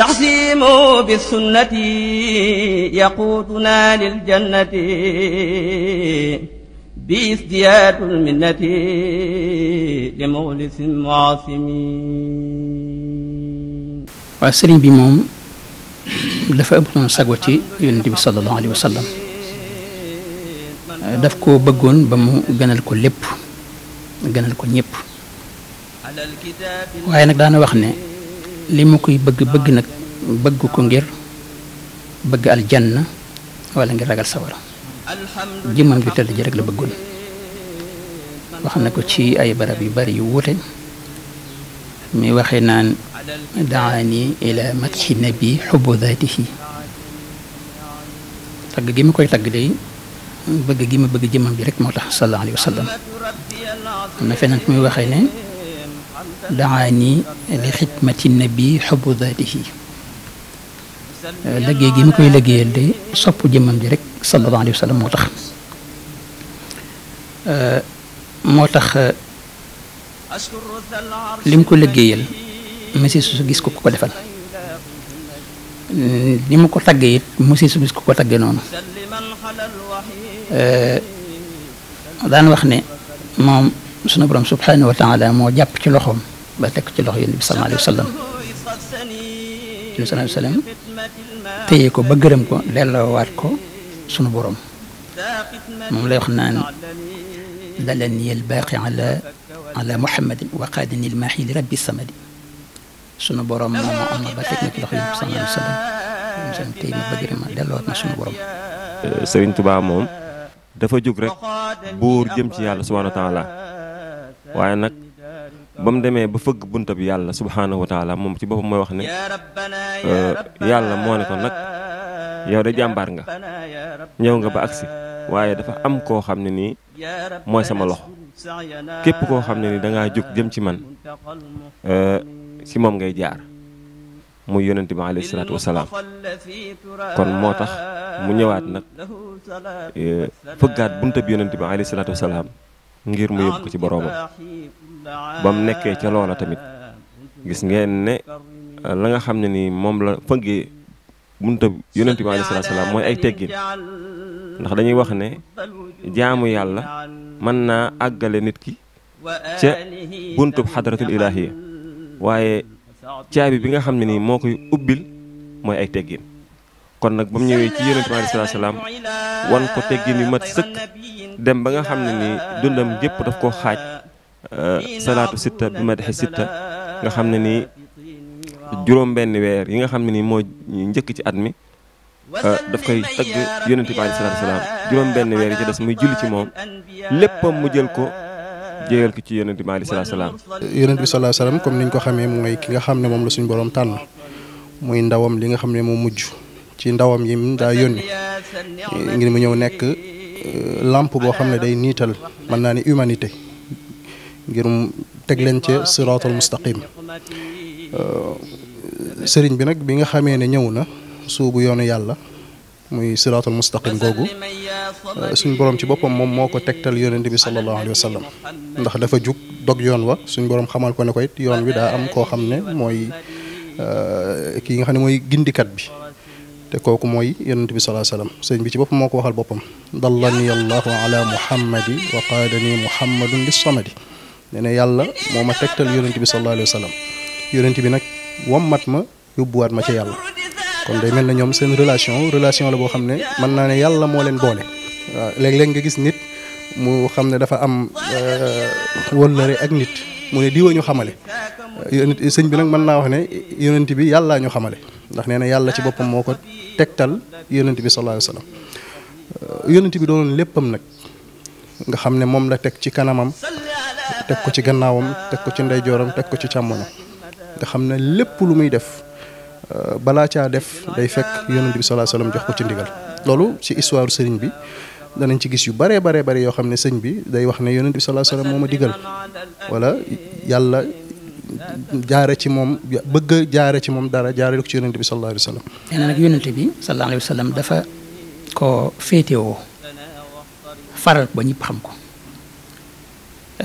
تعظيم بالسنة يقودنا للجنة بازدياد المنة لمغلس معاصم وأسرين بموم دفع أبو سقوتي النبي صلى الله عليه وسلم دفكو بقون بمو جنال كل لب جنال كل يب وهي دانا نوخني li mu koy bëgg bëgg nag bëgg ko ngir bëgg aljanna wala ngir ragal sawara jëmmam ju tëdd ji rek la bëggoon wax na ko ci ay barab yu bari yu wuute mi waxe naan daani ila matxi nabi xubbu daatihi tagg gi ma koy tagg day bëgg gi ma bëgg jëmmam ji rek moo tax sallallahu alayhi wa sallam am na feneen muy waxee ne دعاني لخدمة النبي حب ذاته لقي جيم كوي لقي اللي صبو جيم مجرك صلى الله عليه وسلم موتخ موتخ لم كوي لقي مسيس سوغيس كوكو دفن لم كوي تقي مسيس سوغيس كوكو تقي أه، دان وخني مام سنو برام سبحانه وتعالى مو جاب تي لوخوم با تك تي صلى الله عليه وسلم صلى الله عليه وسلم تيكو با گرم واركو ديلو وات كو سنو دلني الباقي على على محمد وقادني الماحي لربي الصمد سنو بروم ما ما با تك تي لوخ يلي صلى الله عليه وسلم سنو تي با گرم ديلو وات سنو بروم سرين توبا موم دافا جوك رك بور جيم سي الله سبحانه وتعالى waaye nag ba mu demee ba fëgg bunta bi yàlla subhaanahu wa taala moom ci boppam mooy wax ne euh, yàlla moo ne ko nag yow de jàmbaar nga ñëw nga ba agsi waaye dafa am koo xam ne nii mooy sama loxo képp koo xam ne ni dangaa jóg jëm ci man euh, ci moom ngay jaar muy yonente bi alayhi salaatu wasalaam kon moo tax mu ñëwaat nag euh, fëggaat bunta bi yonente bi alayhi salaatu wasalaam ngir mu yóbbu ko ci boroomam ba mu nekkee ca loola tamit gis ngeen ne la nga xam ne ni moom la fëggee bunta yonent bi alayhi salaam mooy ay teggin ndax dañuy wax ne jaamu yàlla mën naa àggale nit ki ca buntub xadaratul ilaahiya waaye caabi bi nga xam ne nii moo koy ubbil mooy ay teggin kon nag ba mu ñëwee ci yonent bi salaam wan ko teggin yu mat sëkk dem ba nga xam ne ni dundam gépp daf koo xaaj euh, salaatu sitta bi madixi sitta nga xam ne ni juróom benn weer yi nga xam ne ni mooy njëkk ci at mi euh, daf koy tagg yonente bi aleyhi salaatu salaam juróom benn weer yi ci des muy julli ci moom léppam mu jël ko jéegal ko ci yonente bi aleyhi salaatu salaam yonente bi salaatu salaam comme niñ ko xamee mooy ki nga xam ne moom la suñu borom tànn muy ndawam li nga xam ne moo mujj ci ndawam yi daa yónni mu ñëw nekk lampe bo xamne day nital man nani humanité ngirum teg leen ci siratul mustaqim serigne bi nak bi nga xamé ne ñewna suubu yoonu yàlla muy siratul mustaqim gogu suñu borom ci bopam mom moko tektal tegtal bi sallallahu alayhi wasallam ndax dafa juk dog yoon wa suñu borom xamal ko ne ko it yoon wi da am ko xamne moy ki nga xamne moy mooy gindikat bi te kooku mooy yonent bi salaa salaam sëñ bi ci bopp moo ko waxal boppam dallani allahu ala muhammadi wa qaadani muhammadun lis samadi nee na yàlla moo ma tegtal yonent bi sallallahu alayhi wa sallam yonent bi nag wommat ma yóbbuwaat ma ci yàlla kon day mel na ñoom seen relation relation la boo xam ne man naa ne yàlla moo leen boole waaw léeg-léeg nga gis nit mu xam ne dafa am euh, wóllëre ak nit mu ne diwa ñu xamale sëñ bi nag mën naa wax ne yonent bi yàllaa ñu xamale ndax nee na yàlla ci boppam moo ko tegtal yonent bi sallallahu alayhi wasallam euh, yonent bi doonoon léppam nag nga xam ne moom la teg ci kanamam teg ko ci gannaawam teg ko ci ndeyjooram teg ko ci càmmoñam nga xam ne lépp lu muy def euh, balaa caa def day fekk yonent bi sallallahu alayhi wasallam jox ko ci ndigal loolu ci histoire sëriñ bi danañ ci gis yu baree baree bari yoo xam ne sëñ bi day wax ne yonent bi sallallahu alayhi wasallam moo ma digal wala yàlla jaare ci moom bëgg ci moom dara jaare ko bi sallallahu alayhi wasallam nee bi sallallahu alayhi dafa ko féetewoo faral ba ñëpp xam ko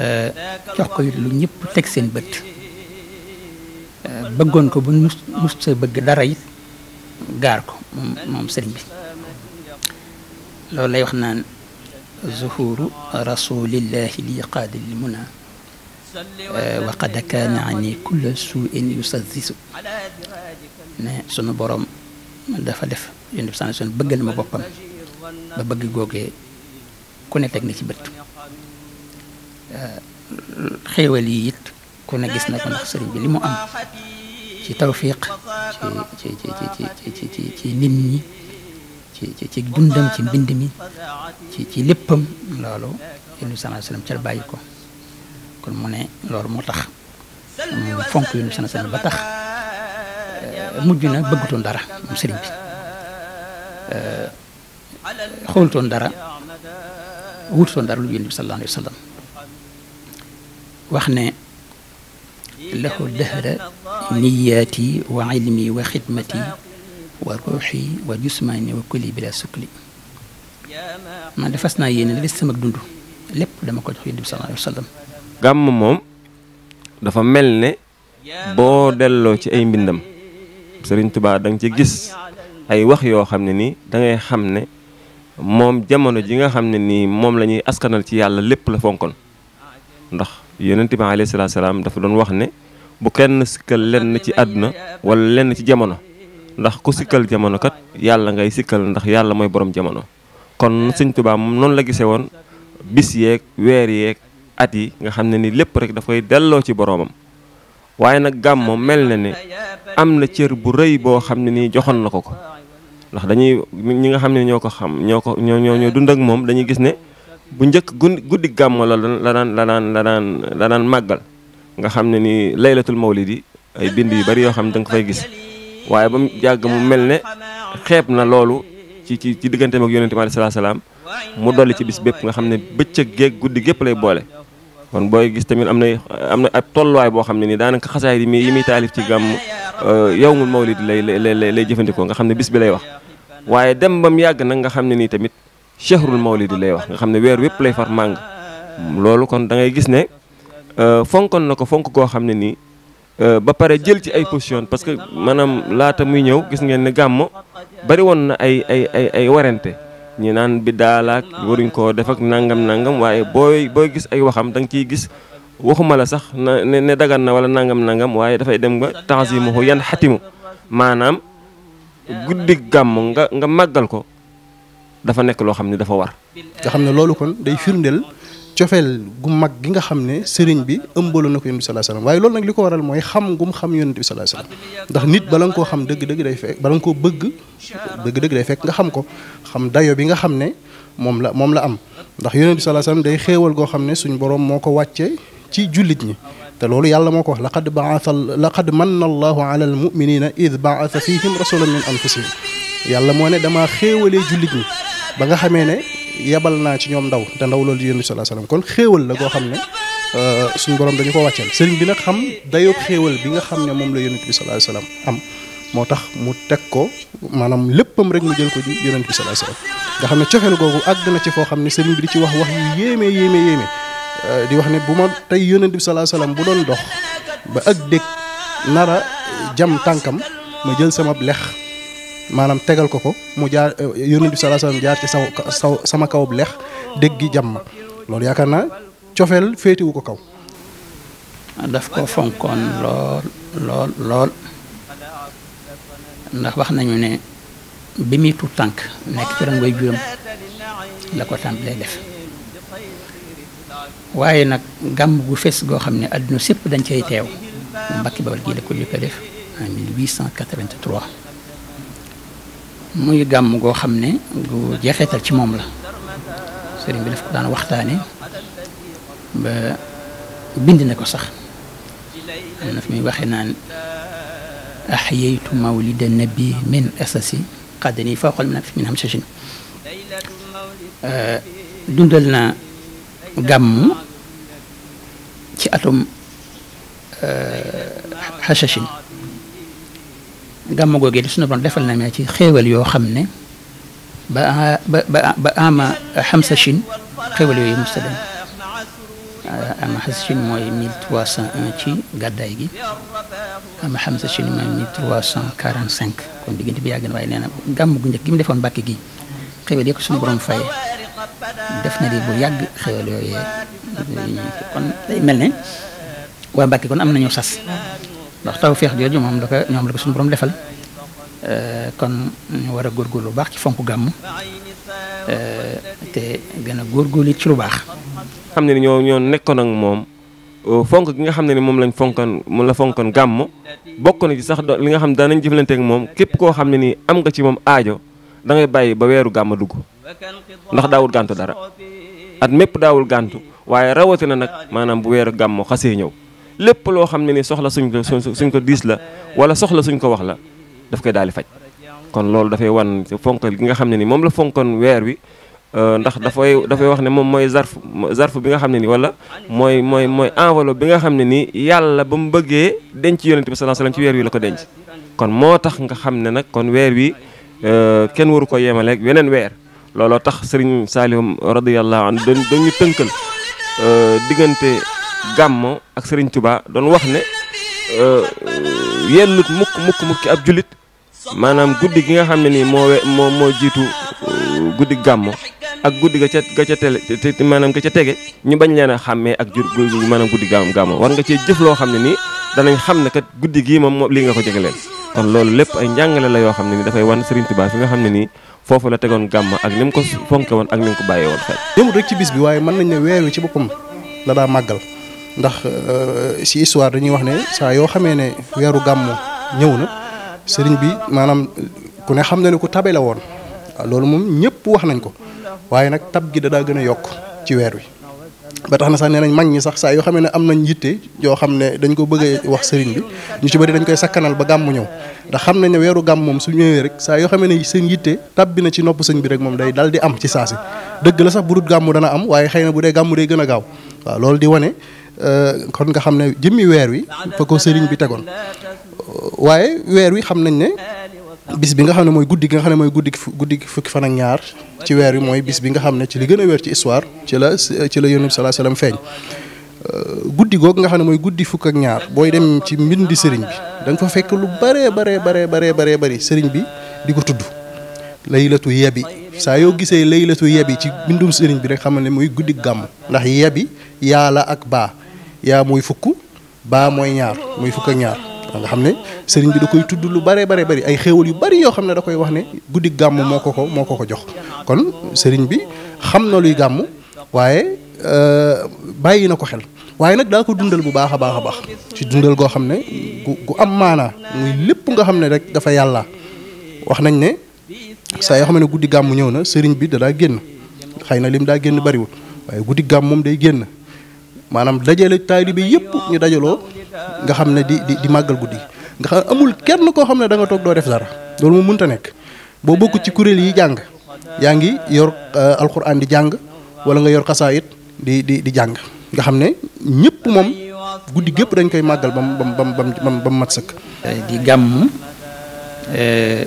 eh, jox ko it lu ñëpp teg seen bët eh, bëggoon ko bu mus mus sa bëgg dara it gaar ko moom moom bi لولا يخنان ظهور رسول الله ليقاد المنى وقد كان عني كل سوء يسدس ما سن بروم دافا ديف يندب سان سن بغل ما بوبام با بغ غوغي كون تك ني سي بت خيوالي يت كون غيسنا كون سيرين بي ليمو ام سي توفيق سي سي سي سي سي ci ci ci dundam ci mbind mi ci ci léppam loolu yonent bi sallallahu alayhi wasallam ca la bàyyi ko kon mu ne loolu moo tax mu fonk yonent bi sallallahu alayhi wasallam ba tax mujj na bëggutoon dara moom sëriñ bi xoolutoon dara wututoon dara lu yonent bi sallallahu alayhi wasallam wax ne lahu dahra niyaati wa ilmi wa xidmati wa ruuxi wa jusmaani wa kulli bila naa yéene sama dund ko jox yonent gàmm moom dafa mel ne boo delloo ci ay mbindam Sëriñ Tuubaa danga ci gis ay wax yoo xam ne nii dangay xam ne moom jamono ji nga xam ne nii moom lañuy askanal ci yàlla lépp la fonkon ndax yonent bi alayhi salaatu dafa doon wax ne bu kenn sikkal lenn ci àdduna wala lenn ci jamono ndax ku sikkal jamono kat yalla ngay sikkal ndax yalla moy borom jamono kon seigne touba non la gisee won bis yek wer yek at yi nga xamne ni lepp rek da fay delo ci boromam waye nak gam mel melne ni am na bu reuy bo xamne ni joxon nako ko ndax dañuy ñi nga xamne ñoko xam ñoko ñoo ñoo dund ak mom dañuy gis ne bu ñeuk guddi gam gàmmo la la nan la nan la nan la nan magal nga xamne ni laylatul mawlidi ay bari yo xam dang fay gis waaye ba mu jàgg mu mel ne xeeb na loolu ci ci ci digganteem ak yonente bi aleyhi salaam mu dolli ci bis bépp nga xam ne bëccëg géeg guddi gépp lay boole kon booy gis tamit am na am na ab tolluwaay boo xam ne nii daanaka xasaay yi muy yi ci gàmm euh, yawmul mawlid lay lay lay jëfandikoo nga xam ne bis bi lay wax waaye dem ba mu yàgg nag nga xam ne nii tamit shahrul mawlid lay wax nga xam ne weeru wépp lay far màng loolu kon dangay gis ne euh, fonkoon na ko fonk koo xam ne nii Euh, ba pare jël ci ay position parce que maanaam laata muy ñëw gis ngeen ne gàmm bari woon na ay ay ay ay warante ñi naan bi daalaak waruñ koo def ak nangam nangam waaye booy booy gis ay waxam danga ciy gis waxuma la sax na ne dagan na wala nangam nangam waaye dafay dem nga ba tanzimuhu yan xatimu maanaam guddi gàmm nga nga màggal ko dafa nekk loo xam ne dafa war. nga xam ne loolu kon day firndeel. cofeel gu mag gi nga xam ne bi ëmbaloon na ko sallallahu alayhi wasallam waaye loolu nag li waral mooy xam gum xam yonent bi sallallahu alayhi wasallam ndax nit bala nga koo xam dëgg-dëgg day fekk bala nga koo bëgg dëgg-dëgg day fekk nga xam ko xam dayo bi nga xam ne la moom la am ndax yonent sallallahu alayhi wasallam day xéewal goo xam ne borom moo wàcce ci jullit ñi te loolu yàlla moo wax laqad baasa laqad manna allahu ala al muminina id baasa fihim rasulan min anfusihim yàlla moo ne damaa xéewalee jullit ñi ba nga xamee yebal naa ci ñoom ndaw te ndaw loolu di yéen sallallahu alayhi kon xéewal la goo xam ne euh, suñu borom dañu ko wàcceel sëriñ bi nag xam dayoo xéewal bi nga xam ne moom la yonent bi sallallahu alayhi am moo tax mu teg ko maanaam léppam rek mu ko ji yonent bi sallallahu alayhi xam ne cofeel googu àgg na ci koo xam ne sëriñ bi di ci wax wax yu yéeme yéeme yéeme euh, di wax ne bu ma tey yonent bi sallallahu alayhi bu doon dox ba ak dëkk nara jam tànkam ma jël sama lex maanaam tegal ko ko mu jaar euh, yonent bi sallallahu alayhi wasallam jaar ci saw saw sama kaw bu leex dégg gi jàmm loolu yaakaar naa cofeel féetewu ko kaw. daf ko fonkoon lool lool lool ndax wax nañu ne bi muy tuut tànk nekk ci ron juróom la ko tàmbalee def waaye nag gàmm gu fees goo xam ne adduna sépp dañ cay teew mbakki babal gii la ko jëkk a def en 1883 muy gam go xamne gu jexetal ci mom la sëriñ bi daf ko daan waxtane ba bind na ko sax am fi waxe nan ahyaytu axyaytu mawlida nabi min asasi qadni foo xool min am sachin dundal na gam ci atum hashashin gàmmu googu yi sunu borom defal na mi ci xéewal yoo xam ne ba ba ba ama xamsa Chine xéewal yooyu mos a dem ah, ama xamsa Chine mooy 1301 ci gàddaay gi ama xamsa Chine mooy 1345 kon diggante bi yàgg na waaye nee na gàmm gu njëkk gi mu defoon Mbàkke gi xéewal yëpp sunu borom fay def na di bu yàgg xéewal yooyu kon day mel ne waa Mbàkke kon am nañu sas. ndax tawfiix jooju moom la ko ñoom la ko suñu borom defal eh, kon ñu war a góorgóorlu baax ci fonk gàmm eh, te gën a góorgóorlu ci lu bax xamni ne ñoo ñoo nekkoon ak mom oh, fonk gi nga xamni ne ni moom lañ fonkan mu la fonkan gam bokku na ci sax li nga xam da nañ jëflante ak mom kep ko xamni ni am nga ci mom aajo da ngay bayyi ba wëru gam dugg ndax dawul gantu dara at dawul gantu waye rawati na nak manam bu wëru gam xasse ñew lépp loo xam ne ni soxla suñ ko suñ ko diis la wala soxla suñ ko wax la daf koy daal di faj kon loolu dafay wan fonkal gi nga xam ne ni moom la fonkoon weer wi euh, ndax dafay dafay wax ne moom mooy zarf zarf bi nga xam ne ni wala mooy mooy mooy enveloppe bi nga xam ne ni yàlla ba mu bëggee denc yonent bi sallallahu alayhi wasallam ci weer wi la ko denc kon moo tax nga xam ne nag kon weer wi euh, kenn waru ko yemaleeg weneen weer looloo tax sëriñ Saliou radiyallahu anhu dañu tënkal euh, diggante gàmmo ak sëriñ tubaa doon wax ne euh, yellut mukk mukk mukki ab jullit maanaam guddi gi nga xam ne nii moo moo moo jiitu euh, guddi gàmmo ak guddi ga ca ga ca tele maanaam ga ca tege ñu bañ leen a xàmmee ak jur maanaam guddi gàmm gàmmo war nga cee jëf loo xam ne nii danañ xam ne kat guddi gii moom moom lii nga ko jegeleel kon loolu lépp ay njàngale la yoo xam ne ni dafay wan Serigne Touba fi nga xam ne nii foofu la tegoon gàmm ak ni ko fonke woon ak ni ko bàyyee woon xel. yëngu rek ci bis bi waaye mën nañ ne weer wi ci boppam la daa màggal. ndax euh, si histoire dañuy wax ne saa yoo xamee ne weeru gàmmu ñëw na sëriñ bi maanaam ku ne xam na ne ku tabe la woon loolu moom ñëpp wax nañ ko waaye nag tab gi da daa gën a yokk ci weer wi. ba tax na sax nee nañ mag ñi sax saa yoo xamee ne am nañ yitte yoo xam ne dañ ko bëggee wax sëriñ bi ñu ci bëri dañ koy sakkanal ba gàmmu ñëw ndax xam nañ ne weeru gàmm moom su ñëwee rek saa yoo xamee ne seen yitte tab bi na ci nopp sëñ bi rek moom day dal di am ci dëgg la sax bu dul dana am waaye xëy na bu dee gàmm day gën a gaaw di wane Euh, kon nga xamne ne jëmmi weer wi fa ko sëriñ bi tégon waye wër wi xam nañ ne bis bi nga xamne moy mooy guddi nga xamne moy mooy guddi guddi fukki fan ak ñaar ci wër wi moy bis bi nga xamne ci li gëna wër ci histoire ci la ci la yunus sallallahu alayhi wasallam feñ euh, guddi gog nga xamne moy guddi fukk ak ñaar boy dem ci mbindi sëriñ bi da nga fa fekk lu bare bare bare bare bare bare sëriñ bi di ko tudd laylatu yabi sa yo gisee laylatu yabi ci bindum serigne bi rek xamal ne muy guddi gam ndax yabi yaala ak yaa mooy fukk baa mooy ñaar mooy fukk ak ñaar nga xam ne sëriñ bi da koy tudd lu bare bare bari ay xéewal yu bari yoo xam ne da koy wax ne guddi gàmm ko ko moo ko ko jox kon sëriñ bi xam na luy gàmm waaye euh, bàyyi na ko xel waaye nag daa ko dundal bu baax a baax a baax ci dundal goo xam ne gu am maanaa muy lépp nga xam ne rek dafa yàlla wax nañ ne saa yoo xam ne guddi gàmm ñëw na sëriñ bi da daa génn xëy na lim daa génn bariwul waaye guddi gàmm moom day génn manam dajale talibi yep ñu dajalo nga xamne di di di gudi, nga xam amul kenn ko xamne da nga tok do def dara loolu mu mënta nek bo bokku ci kuréel yi jang yaangi yor euh, Alquran di jang wala nga yor qasaid di di di jang nga xamne ne mom moom guddi gépp dañ koy magal bam bam bam bam bam mat sëkk. Euh, di gam euh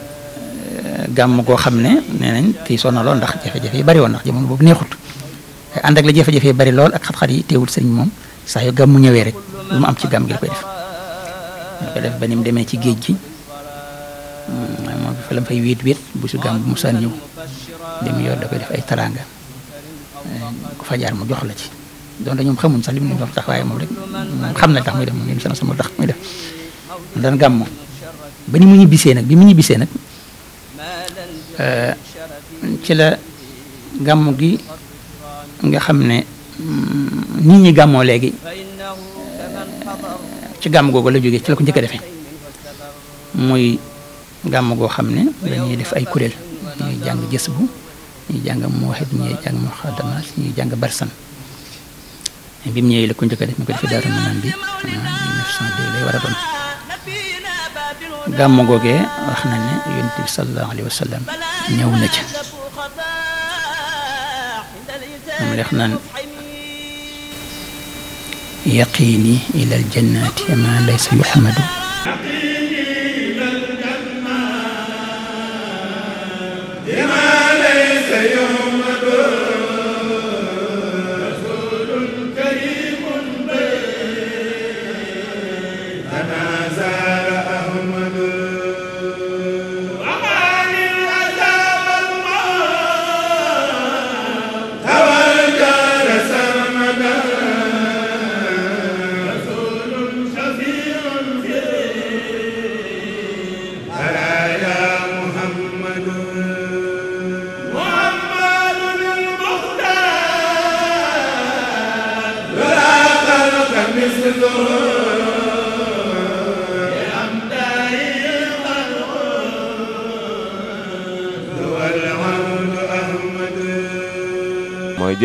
gam go xamne nenañ nañ sonalo ndax jafé jafé bari won ndax jamono bobu neexut andak la jafe-jafe yu bari lol ak xat-xat yi teewul mom sa yo gam mu ñëwee rek lu mu am ci gam gi koy def ko def banim démé ci geej gi mo mm, fi lam fay wit wit bu su gam bu mu saan ñëw dem yo da koy def ay taranga eh, ko fa jaar mu jox la ci don dañu xamuñ sax lim ñu doon tax waaye rek xam na tax muy def moom yéen sama tax muy def daan gam ba bani mu ñibisé nak bi mu nak euh ci la gam gi. nga xam ne mm, nit ñi gàmmoo léegi ci gàmm googu la jógee ci la ko njëkk a muy gàmm goo xam ne dañuy def ay kuréel ñuy jàng jës bu jàng mooxit ñuy jàng moxadamaas ñuy jàng barsan bi mu ñëwee la ko njëkk a def ñu ko defee Daaru Manaan bi 1902 ah, lay war a doon gàmm googee wax nañ ne yonent bi sallallahu alayhi wa sallam na ca. أمرقنا يقيني إلى الجنة ما ليس محمد يقيني إلى الجنة ما ليس محمد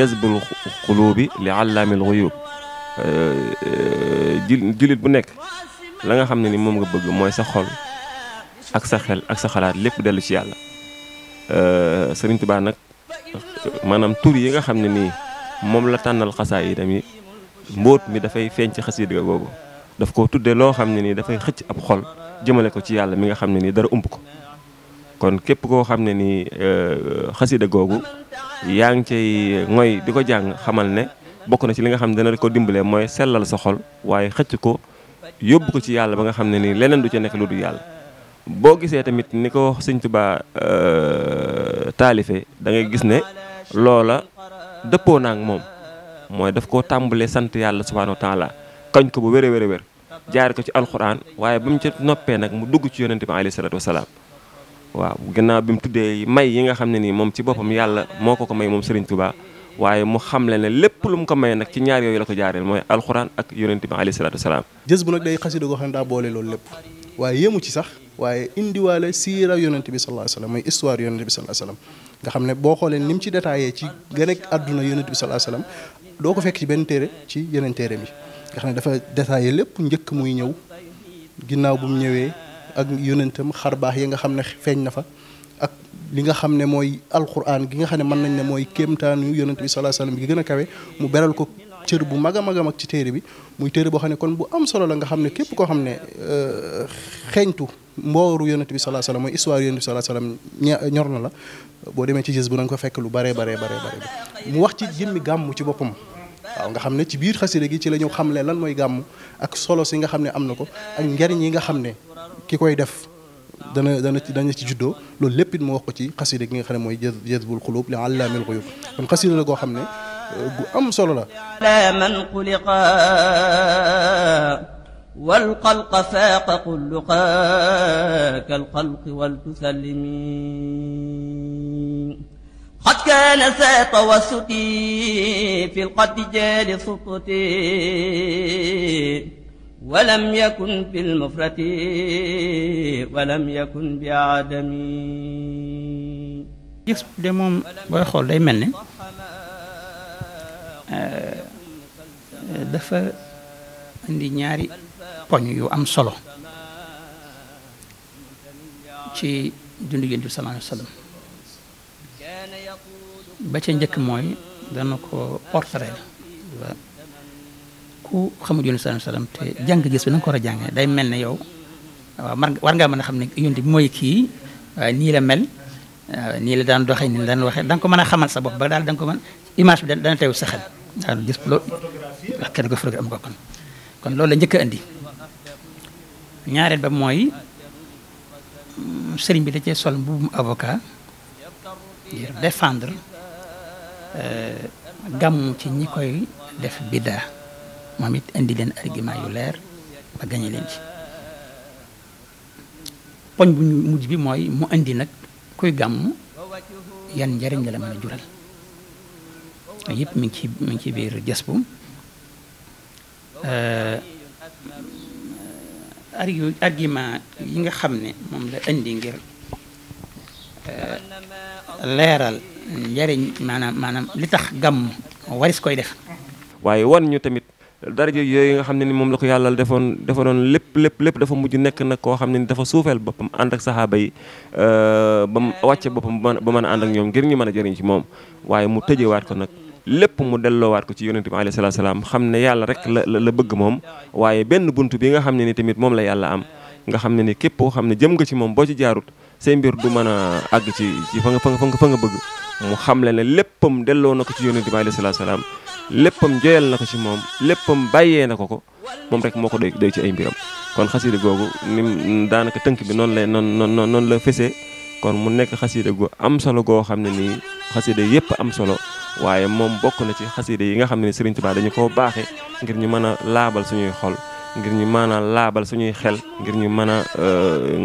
جذب القلوب لعلام الغيوب جلد بنك لا خامن ني موم بغ موي سا خول اك سا خيل اك سا خلات ليپ دلو سي يالا ا سيرن توبا نك مانام تور ييغا خامن ني موم لا تانال خصاي دامي موت مي دا فاي فنت خصيد غا غوغو داف كو تودي لو خامن ني دا فاي خيت دار امبكو kon képp koo xam ne ni euh, xasida googu yaa ngi cay ngoy di ko jàng xamal ne bokk na ci li nga xam dana ko dimbalee mooy sellal sa xol waaye xëcc ko yóbbu ko ci yàlla ba nga xam ne ni leneen du ca nekk lu dul yàlla boo gisee tamit ni ko Sëñ Tuubaa euh, taalife da ngay gis ne loola dëppoo naa moom daf koo tàmbalee sant yàlla subhanahu wa taala kañ ko bu wér a wér jaar ko ci alquran waaye ba mu ca noppee nag mu dugg ci yonente bi alayhi salatu wasalaam waaw gannaaw bi mu tuddee may yi nga xam ne nii moom ci boppam yàlla moo ko ko may moom Serigne Touba waaye mu xamle ne lépp lu mu ko may nag ci ñaar yooyu la ko jaareel mooy alxuraan ak yonent bi alayhi salaatu wasalaam. jës bu nag day xasida goo xam ne daa boole loolu lépp waaye yéemu ci sax waaye yonent bi sallallahu alayhi wasallam mooy histoire yonent bi sallallahu nga xam ne boo xoolee ni mu ci détaillé ci gën a àdduna yonent bi sallallahu alayhi wasallam doo ko fekk ci benn téere ci yenen téere mi nga xam ne dafa détaillé lépp njëkk muy ñëw ginnaaw bu mu ñëwee ak yonentam xar baax yi nga xam ne feeñ na fa ak li nga xam ne mooy alquran gi nga xam ne mën nañ ne mooy kéemtaanu yonent bi sallallahu alayhi wasallam gi gën a kawe mu beral ko cër bu mag a mag mag ci téere bi muy téere boo xam ne kon bu am solo la nga xam ne képp koo xam ne euh, xeeñtu mbooru yonent bi sallallahu alayhi wasallam mooy histoire yonent bi sallallahu alayhi wasallam ñor na la boo demee ci gis bu na ko fekk lu baree baree baree bare mu wax ci jëmmi gàmm ci boppam waaw nga xam ne ci biir xasida gi ci la xam xamle lan mooy gàmmu ak solo si nga xam ne am na ko ak njariñ yi nga xam ne ki koy def dana dana dana ci juddoo loolu lépp it mu wax ko ci xasida gi nga xam ne mooy jazbul xulub li allaamil xuyub kon xasida la goo xam ne gu am solo la ala man xuliqa والقلق فاق قلقا كالقلق والتسلم قد كان ذا توسطي في القد جال سطتي walam yakun bil mufrati walam yakun bi aadami gis de moom booy xool day mel ne euh, dafa indi ñaari poñ yu am solo ci dundu Yonent bi sallallahu alayhi wa sallam ba ca njëkk mooy dana ko portrait la ku xamul yonent salaam salaam te jàng gis bi na nga ko a jàngee day mel na yow waaw war ngaa mën a xam ne yonent bi mooy kii nii la mel nii la daan doxee nii la daan waxee da ko mën a xamal sa bopp ba daal da ko mën image bi dana teew sa xel daal gis loolu kenn am ko kon loolu la njëkk a indi ñaareel ba mooy sëriñ bi da cee sol mbubbum avocat ngir défendre euh, gàmm ci ñi koy def biddaa moom it indi leen argument yu leer ba gañe leen ci poñ bu mujj bi mooy mu indi nag kuy gàmm yan njariñ la la mën a jural yëpp mi ngi ci mi ngi ci biir jës bu euh, argument yi nga xam ne moom la indi ngir euh, leeral njariñ maanaam maanaam li tax gàmm waris koy def daraja yooyu nga xam ne ni moom la ko yàlla defoon defaroon lépp lépp lépp dafa mujj nekk nag koo xam ne ni dafa suufeel boppam ànd ak saxaaba yi euh, ba mu wàcce boppam ba mën a ànd ak ñoom ngir ñu mën a jëriñ ci moom waaye mu tëjewaat ko nag lépp mu delloowaat ko ci yonente bi alayhi salaatu salaam xam ne yàlla rek la la bëgg moom waaye benn bunt bi nga xam ne ni tamit moom la yàlla am nga xam ne ni képp koo xam ne jëm nga ci moom boo ci jaarut say mbir du mën a àgg ci ci fa nga fa nga nga bëgg mu xamle ne léppam delloo na ko ci yonent bi alayhi salaatu salaam léppam joyal na ko ci moom léppam bàyyee na ko ko moom rek moo ko doy doy ci ay mbiram. kon xasida googu ni daanaka tënk bi noonu lay noonu noonu noonu la fesee kon mu nekk xasida gu am solo goo xam ne nii xasida yëpp am solo waaye moom bokk na ci xasida yi nga xam ne Serigne Touba dañu koo baaxee ngir ñu mën a laabal suñuy xol. ngir ñu mën a laabal suñuy xel ngir ñu mën a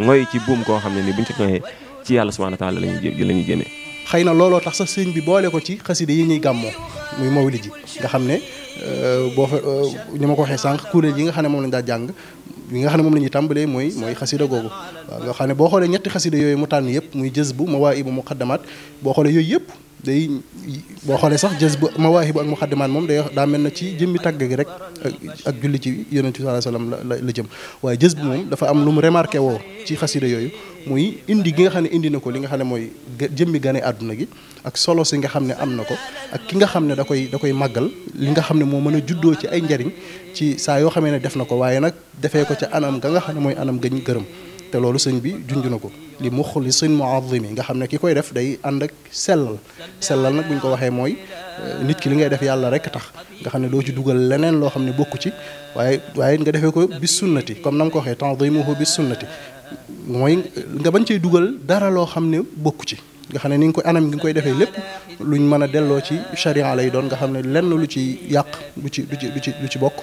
ngoy euh, ci buum goo xam ne nii buñ ci ngoyee ci yàlla subhanahu wa taala la ñuy la ñuy génnee xëy na looloo tax sa sëñ bi boole ko ci xaside yi ñuy gàmmoo muy mawlid ji nga xam ne euh, boo fa ñu euh, ma ko waxee sànq kuréel yi nga xam ne moom lañ daa jàng yi nga xam ne moom la ñuy tàmbalee mooy mooy xasida googu waaw nga xam ne boo xoolee ñetti xasida yooyu mu tànn yëpp muy jës bu mawaa ibu muqaddamat boo xoolee yooyu yëpp day boo xoolee sax jës bu ma mawaahibu ak muxaddimaan moom day daa mel na ci jëmmi tàgg gi rek ak julli ci yonent bi sallallahu alayhi wasallam la la jëm waaye jës bu moom dafa am lu mu remarqué woo ci xasida yooyu muy indi gi nga xam ne indi na ko li nga xam ne mooy jëmmi gane àdduna gi ak solo si nga xam ne am na ko ak ki nga xam ne da koy da koy màggal li nga xam ne moo mën a juddoo ci ay njariñ ci saa yoo xamee ne def na ko waaye nag defee ko ca anam ga nga xam ne mooy anam gañ gërëm te loolu sëñ bi junj na ko li muxlisin muazimi nga xam ne ki koy def day ànd ak sellal sellal nag bu ñu ko waxee mooy euh, nit ki li ngay def yàlla rek a tax nga xam ne doo ci dugal leneen loo xam ne bokk ci waaye waaye nga defee ko bis comme na mu ko waxee tanzimuhu bis sunnati mooy nga bañ cee dugal dara loo xam ne bokku ci nga xam ne ni nga koy anam gi nga koy defee lépp luñ mën a delloo ci la lay doon nga xam ne lenn lu ci yàq du ci du ci du ci du ci bokk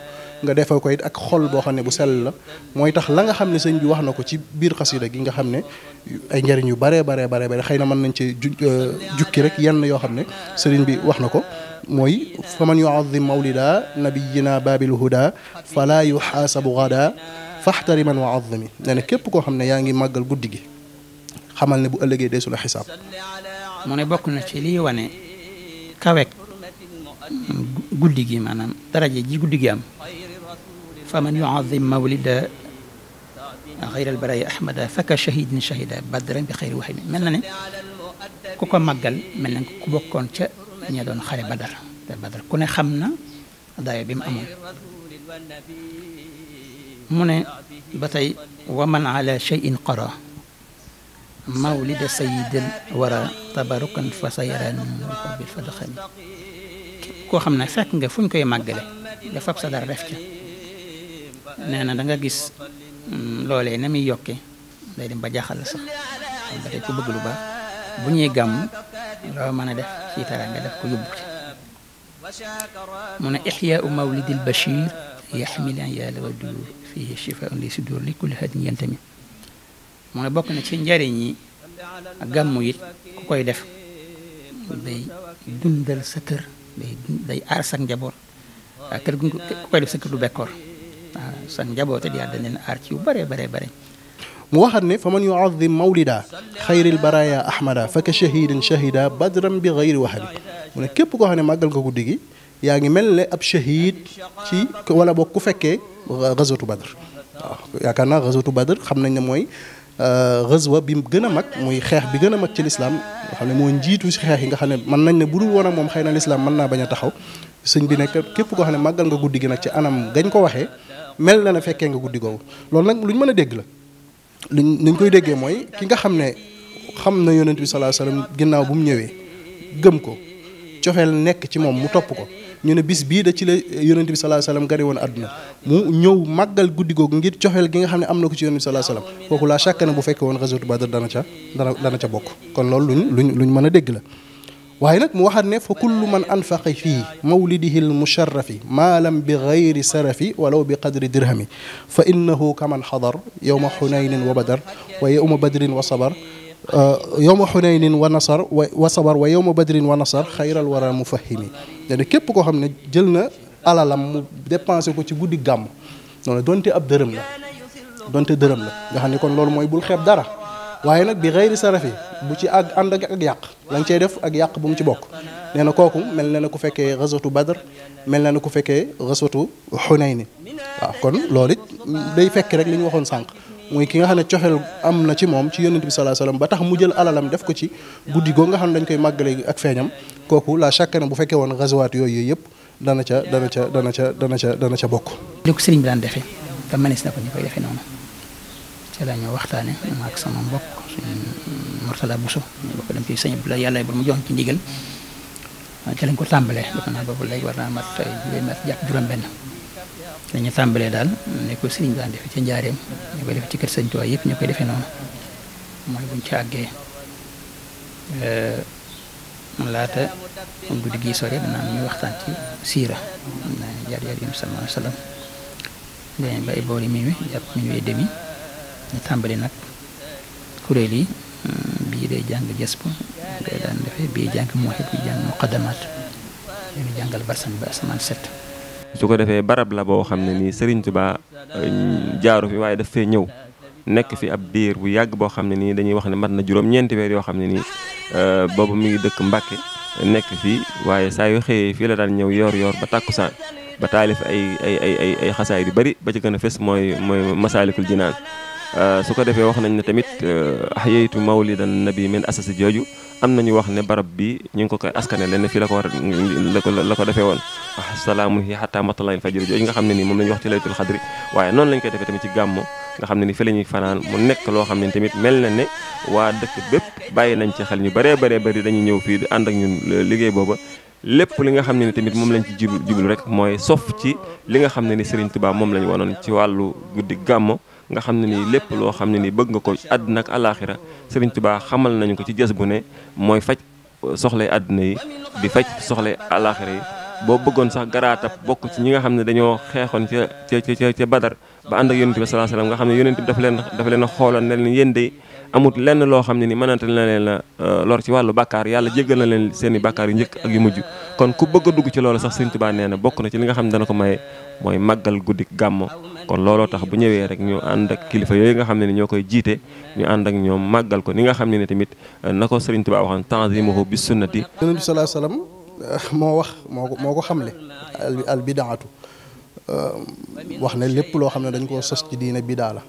nga defee ko it ak xol bo xamné bu sel la moy tax la nga xamné ne sëñ bi wax na ci bir xasida gi nga xamné ay njariñ yu bare bare baree bare xeyna man nañ ci jukki rek yenn yo xamné ne bi wax na ko faman yu'azzim mawlida nabiyyina babil huda fala yuhasabu gada faxtariman wa azimi nee na képp koo xam ne yaa xamal ne bu ëllëgee dee su la xisaab ne bokk na ci li wane kawek guddigi manam daraaje ji guddigi am فمن يعظم مولد غير البراية أحمد فك شهيد شهيد بدر بخير وحيد من كوكا مجل من كوكا كونتا نيدون خير بدر بدر كنا خمنا داي بيم أمون من بتي ومن على شيء قرا مولد سيد ورا تبارك فسيرا بالفضل خير كو خمنا فك نغا فون كاي ماغلي دا فاب صدر رفكي ne na da gis mm, loolee na muy yokke day dem ba jaaxal la sax ba tey ku bëgg lu baax bu ñuy gàmm loo mën a def ci teraanga def ko yóbbu mu ne ixyaau mawlidil bachir yaxmilan yàlla wa du fihi shifaun li sudur li kulli hadin yantami mu ne bokk na ci njariñ yi gàmmu it ku koy def day dundal sa kër day day aar sa njaboot ak ku koy def sa du bekkoor سان جابو تدي ادنين ارتيو بري بري بري مو واخا يعظم مولدا خير البرايا احمد فك شهيد شهيدا بدرا بغير وهل من كيب كو خاني ماغال كو ديغي ياغي يعني ملي اب شهيد تي ولا بوكو فكي غزوه بدر آه، يا يعني كان غزوه بدر خمنا ني موي آه، غزوه بيم غنا ماك موي خيخ بي غنا ماك تي الاسلام خاني يعني مو نجيتو خيخ ييغا خاني مان نان ني بودو موم خاينا الاسلام مان نا باغا تاخاو سيغ بي نيك كيب كو خاني ماغال كو ديغي نا تي انام غن كو واخه mel na ne fekkee nga guddi googu lool nag lu ñu mën a dégg la luñ ñu koy déggee mooy ki nga xam ne xam na yonent bi sallallahu alayhi ginnaaw bu mu ñëwee gëm ko cofeel nekk ci moom mu topp ko ñu ne bis bii da ci la yonent bi sallallahu alayhi wasallam gane woon àdduna mu ñëw màggal guddi googu ngir cofeel gi nga xam ne am na ko ci yonent bi sallallahu alayhi wasallam kooku laa chaque année bu fekkee woon ghazwat Badr dana ca dana dana ca bokk kon lu ñu lu ñu mën a dégg la وهي نك موحر نيف كل من أنفق في مولده المشرف مالا بغير سرف ولو بقدر درهم فإنه كمن حضر يوم حنين وبدر ويوم بدر وصبر آه، يوم حنين ونصر وصبر ويوم بدر ونصر خير الورى مفهم يعني كيف بكو خمنا جلنا على لم ديبانسي كو تي غودي غام دونتي اب درم لا دونتي درم لا غاني يعني كون لول موي بول خيب دارا waye nak bi xëyri sarafi bu ci ag ànd ak ak yàq lañ cey def ak yàq bu mu ci bok neena koku kooku mel na ne ku fekkee xaswatu badr mel na ne ku fekkee xaswatu xunayni waaw kon lolit day fekk rek liñ waxon sank sànq ki nga xamne ne coxel am na ci mom ci yonent bi sallallahu alayhi wasallam ba tax mu jël alalam def ko ci guddi go nga xamne dañ koy magale ak feñam koku la chaque année bu fekke won ghazwat yoy yoy yep dana ca dana ca dana ca dana ca dana ca bok li ko sëriñ bi dan defé te mënees na ko ñu koy defee noonu ci lañu waxtane ak sama mbokk. Mourtala Bousso ñu bokk dem ci sëñ bi la yàlla ba mu jox ci ndigal ah, ci lañ ko tàmbalee defe naa boobu léegi war naa mat ay mat jàpp juróom-benn dañu tàmbalee daal ne ko sëriñ daan defe ci njaareem ñu koy defe ci kër sëñ Tuubaa yëpp ñu koy defee noonu mooy buñ ci àggee eh, laata guddi gii sore danaa ñuy waxtaan ci siira naa jaar jaar yi sallallahu alayhi wa ba ay boori jàpp mi demi ñu tàmbali nag كوريلي بيدي جانغ جسبو بيدان دفي بي جانغ موحب بي جانغ مقدمات يعني جانغ البرسان بأسمان ست سوكو دفي بارب لا بو خامن ني سيرين توبا جارو في واي دفي نيو نيك في اب بير بو ياغ بو خامن ني داني واخني ماتنا جوروم نينت وير يو خامن ني بوب مي دك مباكي نيك في واي سا يو خي في لا دان نيو يور يور با تاكوسان با تالف اي اي اي اي خساير بري با جي فيس موي موي مسالك الجنان Euh, su ko defee wax nañ ne tamit euh, ahyaytu mawlidan nabi min asasi jooju am na ñu wax ne barab bi ñu ngi ko koy askanee leen fii la ko war la ko defee woon asalaamu ah, hi xataa matalayin fajiri jooju nga xam ne nii moom la ñu wax ci laytul xadri waaye noonu lañ koy defee tamit ci gàmmu nga xam ne ni fi la ñuy fanaan mu nekk loo xam ne tamit mel na ne waa dëkk bépp bàyyi nañ ci xel ñu bëree bëree bari dañu ñëw fii di ànd ak ñun euh, liggéey booba lépp li nga xam ne ni tamit moom lañ ci jublu jublu rek mooy sof ci li xam ne ni Serigne Touba moom lañ woonoon ci wàllu guddi gàmmu nga xam ne nii lépp loo xam ne nii bëgg nga ko àdduna ak alaaxira Sëriñ Tuubaa xamal nañu ko ci jës bu ne mooy faj soxlay àdduna yi di faj soxlay alaaxira yi boo bëggoon sax garaatab bokk ci ñi nga xam ne dañoo xeexoon ca ca ca ca Badar ba ànd ak yonent bi sallallahu alayhi nga xam ne yonent bi dafa leen dafa leen a xooloon ne leen yéen de amut lenn loo xam ne ni mënante na leen la euh, lor ci wàllu bàkkaar yàlla jéggal na leen seeni i yi njëkk ak yu mujj kon ku bëgg dugg ci loolu sax Sëriñ Tuubaa nee na bokk na ci li nga xam ne dana ko maye mooy màggal guddi gàmmo kon looloo tax bu ñëwee rek ñu ànd ak kilifa yooyu nga xam ne ni ñoo koy jiite ñu ànd ak ñoom màggal ko ni nga xam ne ni tamit eh, na ko Sëriñ Tuubaa waxoon tanzimuhu bi sunnati yonent bi salaa salaam eh, moo wax moo ko moo ko xamle al bidaatu eh, wax ne lépp loo xam ne dañ koo sos ci diine bidaa la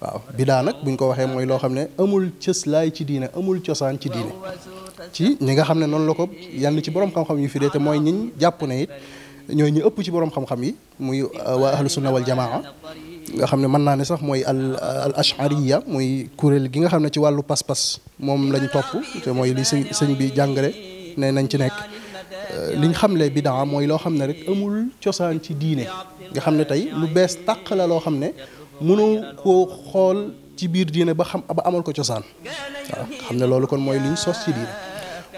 waaw bidaa nag buñ ko waxee mooy loo xam ne amul cëslaay ci diine amul cosaan ci diine ci ñi nga xam ne noonu la ko yenn ci borom xam-xam yu fi de te mooy ñiñ jàpp na it ñooy ñu ëpp ci borom xam-xam yi muy wa ahlus sunna wal jamaa nga xamne man na ne sax moy al al ashariya muy kuréel gi nga xamne ci walu pass pass mom lañu top te moy li sëñ bi jàngale ne nañ ci nek liñ xamle bidaa mooy loo xam ne rek amul ciosan ci diine nga xamne tay lu bes tak la lo xamne ne ko xol ci bir diine ba xam ba amal ko ciosan xamne lolu kon moy liñ sos ci diine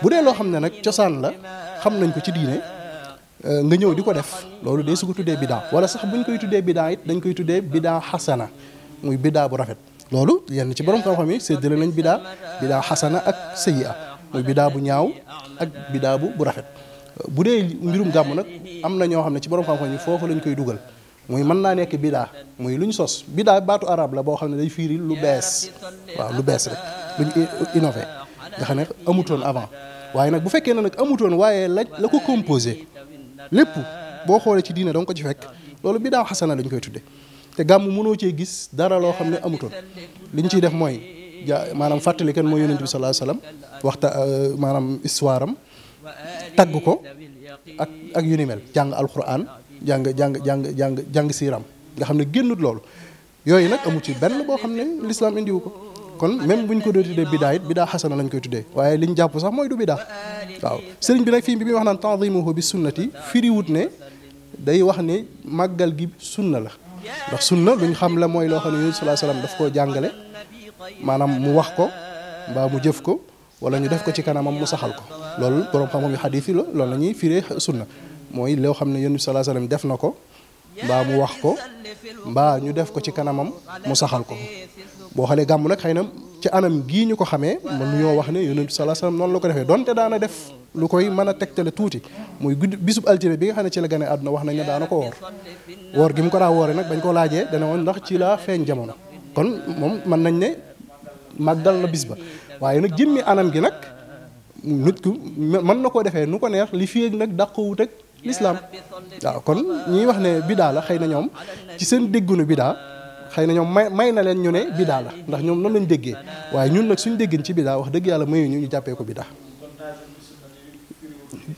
bu de lo xamne nak ciosan la xam nañ ko ci diine Euh, nga ñëw di ko def loolu de su ko tuddee bidaa wala sax buñ koy tuddee bidaa it dañ koy tuddee bidaa xasana muy bidaa bu rafet loolu yenn ci borom xam-xam yi séddale nañ bidaa bidaa xasana ak sayyi'a muy bidaa bu ñaaw ak biddaa bu bu rafet bu dee mbirum gàmm nag am na ñoo xam ne ci borom xam-xam yi foofu lañ koy dugal muy mën naa nekk bidaa muy luñ sos bidaa baatu arab la boo xam ne day fiiri lu bees waaw lu bees rek luñ innové nga xam ne amutoon avant waaye nag bu fekkee ne nag amutoon waaye la la ko composé lépp boo xoolee ci diine da nga ko ci fekk loolu bidaa xasana lañ koy tudde te gàmm mënoo cee gis dara loo xam ne amutoon ñu ciy def mooy ja maanaam fàttali kan mooy yonent bi sallallahu alayhi wasallam waxta euh, maanaam histoire am tagg ko ak ak yu ni mel jàng alquran jàng jàng jàng jàng jàng siiram nga xam ne génnut loolu yooyu nag amu ci benn boo xam ne l'islam indiwu ko kon même buñ ñu ko doon tuddee bidaa it bidaa xasana lañ koy tuddee waaye liñ jàpp sax mooy du bidaa waaw sëriñ bi nag fii bi muy wax naan tanzimuhu bi sunnati firiwut ne day wax ne màggal gi sunna la ndax sunna luñ xam la mooy loo xam ne yonent sallallahu alayhi wasallam koo jàngale maanaam mu wax ko mbaa mu jëf ko wala ñu def ko ci kanamam mu saxal ko loolu borom xam-xam yu loolu la ñuy firee sunna mooy loo xam ne yonent sallallahu alayhi wasallam def na ko mbaa mu wax ko mbaa ñu def ko ci kanamam mu saxal ko boo xoolee gàmm nag xëy na ci anam gii ñu ko xamee mën ñoo wax ne yonent bi noonu la ko defee donte daana def lu koy mën a tegtale tuuti muy gudd bisub altine bi nga xam ne ci la gane àdduna wax nañ ne daana ko woor woor gi mu ko daa wooree nag bañ ko laajee dana woon ndax ci laa feeñ jamono kon moom mën nañ ne màggal na bis ba waaye nag jëmmi anam gi nag nit ku mën na koo defee nu ko neex li fii nag dàqowut ak lislaam waaw kon ñiy wax ne bidaa la xëy na ñoom ci seen déggunu bidaa xëy na ñoom may may na leen ñu ne bidaa la ndax ñoom noonu lañu déggee waaye ñun nag suñ déggin ci bidaa wax dëgg yàlla mayuñu ñu jàppee ko bidaa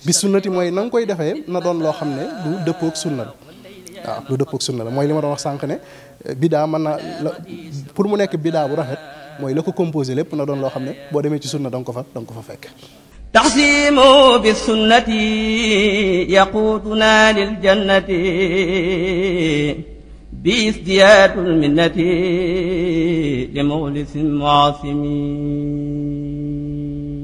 bi sunnati mooy na koy defee na loo xam ne du dëppoog sunna la waaw du dëppoog sunna la mooy li ma doon wax sànq ne bidaa man na la pour mu nekk bidaa bu rafet mooy la ko composé lépp na doon loo xam ne boo demee ci sunna da nga ko fa da nga ko fa fekk taxsimu bi sunnati yaqutuna lil jannati بازدياد المنة لمولث معاصمين